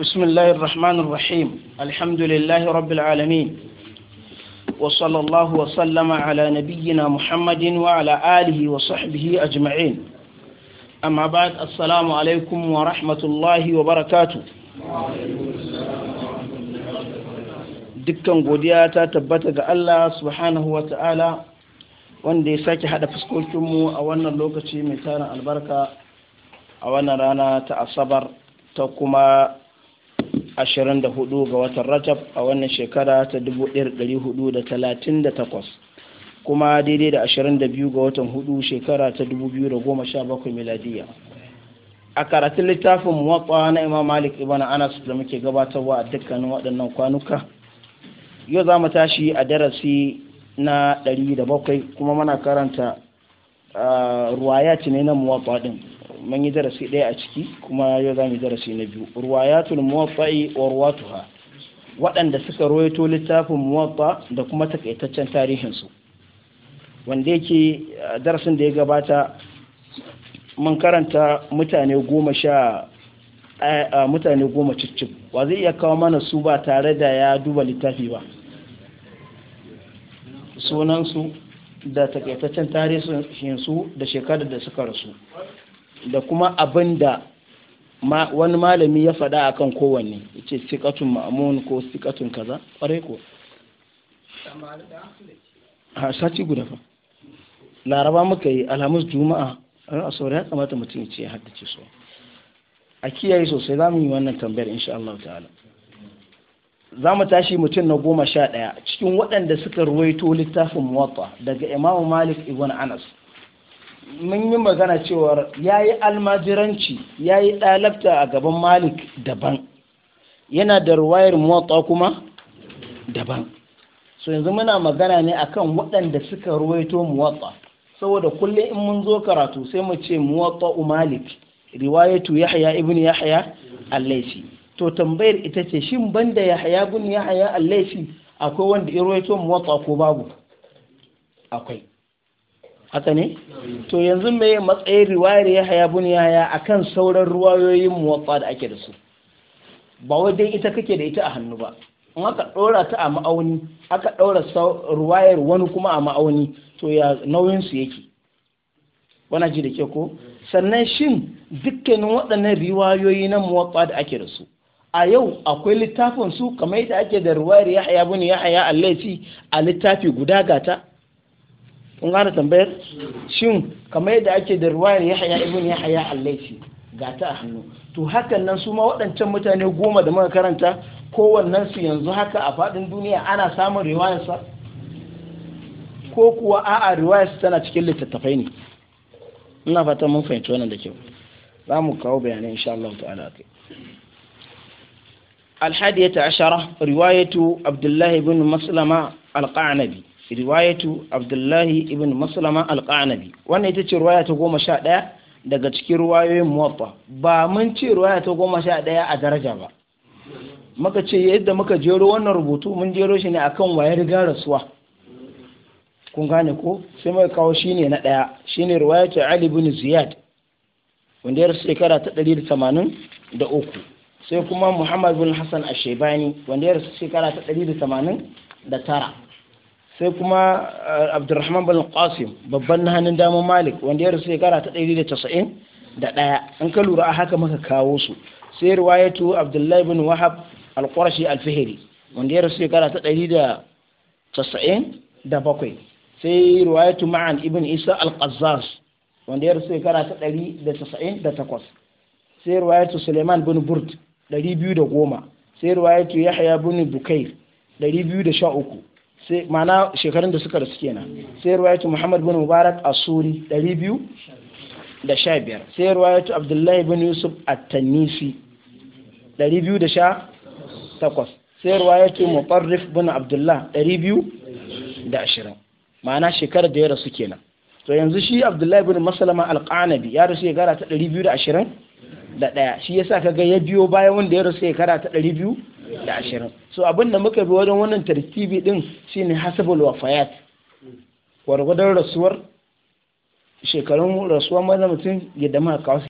بسم الله الرحمن الرحيم الحمد لله رب العالمين وصلى الله وسلم على نبينا محمد وعلى آله وصحبه أجمعين أما بعد السلام عليكم ورحمة الله وبركاته dukkan godiya ta tabbata ga Allah subhanahu wa ta'ala wanda ya sake haɗa fuskokinmu a wannan lokaci mai tarin albarka a wannan rana ta asabar ta kuma ashirin da hudu ga watan rajab a wannan shekara ta dubu hudu da da talatin takwas kuma daidai da ashirin da biyu ga watan hudu shekara ta dubu biyu da goma sha bakwai miladiya a karatun littafin muwatsa na imam malik ibn anas da muke gabatarwa a dukkanin waɗannan kwanuka yau za mu tashi a darasi na bakwai kuma mana karanta ah, ruwaya ne na muwatsa ɗin. man yi darasi ɗaya a ciki kuma yau za mu yi darasi na biyu ruwayatul muwatta'i wa ruwatuha waɗanda suka rawaito littafin muwatta da kuma takaitaccen tarihinsu wanda yake darasin da ya gabata mun karanta mutane goma sha mutane goma cicci wa zai iya kawo mana su ba tare da ya duba littafi ba sunansu da takaitaccen tarihinsu da shekarar da suka rasu da kuma abin da wani malami ya faɗa akan kowanne ce sikatun ma'amun ko sikatun kaza ƙwarai ko a sati guda fa laraba muka yi alhamis juma'a a saurin ya kamata mutum ya ce ya haddace so a kiyaye sosai za mu yi wannan tambayar insha Allah ta'ala za mu tashi mutum na goma sha ɗaya cikin waɗanda suka ruwaito littafin muwatta daga imamu malik ibn anas mun yi magana cewar ya yi almajiranci ya yi ɗalabta a gaban malik daban yana da ruwayar muwatta kuma daban so yanzu muna magana ne akan waɗanda suka ruwaito muwatsa saboda kullum in mun zo karatu sai mu ce muwatta malik riwayatu yahya ibn yahya Allaisi. to tambayar ita ce shin banda yahya ibn yahya Allaisi, akwai wanda ya ruwaito muwatta ko babu akwai haka ne to yanzu me matsayin riwayar yahaya bin a akan sauran ruwayoyin muwaffa da ake da su ba wai dai ita kake da ita a hannu ba in aka ɗora ta a ma'auni aka ɗora ruwayar wani kuma a ma'auni to ya nauyin su yake wana ji da ke ko sannan shin dukkanin waɗannan riwayoyi na muwaffa da ake da su a yau akwai littafin su kamar yadda ake da ruwayar yahaya bin yahaya allaci a littafi guda gata kun gane tambayar shin kamar yadda ake da ruwayar yahaya ibn yahaya al ga ta a hannu to hakan nan su ma waɗancan mutane goma da muka karanta kowannen su yanzu haka a faɗin duniya ana samun riwayarsa ko kuwa a'a riwayarsa tana cikin littattafai ne ina fatan mun fahimci wannan da kyau za mu kawo bayanai insha Allah ta'ala kai الحادية عشرة رواية عبد الله بن مسلمة القعنبي riwayatu abdullahi ibn maslama alƙanabi wannan ita ce riwaya ta goma sha ɗaya daga cikin ruwayoyin muwaffa ba mun ce riwaya ta goma sha ɗaya a daraja ba muka ce yadda muka jero wannan rubutu mun jero shi ne akan wayar riga rasuwa kun gane ko sai muka kawo shi ne na ɗaya Shi shine riwayatu ali ibn ziyad wanda ya shekara ta ɗari da tamanin da uku sai kuma muhammad bin hassan ashebani wanda ya rasu shekara ta ɗari da tamanin da tara sai kuma eh, abdurrahman bin qasim babban na hannun damar malik wanda ya rasu shekara ta ɗari da casa'in da ɗaya in ka lura a haka maka kawo su sai riwayatu abdullahi bin wahab al-qurashi al-fihri wanda ya rasu shekara ta ɗari da casa'in da bakwai sai riwayatu ma'an ibn isa al-qazzaz wanda ya rasu shekara ta ɗari da casa'in da takwas sai riwayatu suleiman bin burd ɗari biyu da goma sai riwayatu yahya bin bukair ɗari biyu da sha uku sai mana shekarun da suka rasu kenan sai ruwayatu muhammad bin mubarak asuri 215 sai ruwayatu abdullahi bin yusuf at-tanisi 218 sai ruwayatu mutarrif bin abdullah 220 ma'ana shekarar da ya rasu kenan to yanzu shi abdullahi bin masalama al-qanabi ya rasu shekara ta da daya shi yasa kaga ya biyo bayan wanda ya rasu shekara ta 200 da ashirin so abinda muka bi wajen wannan tarkibi din shine hasabul wafayat gwargwadon rasuwar shekarun rasuwar mazan mutum ya dama kawo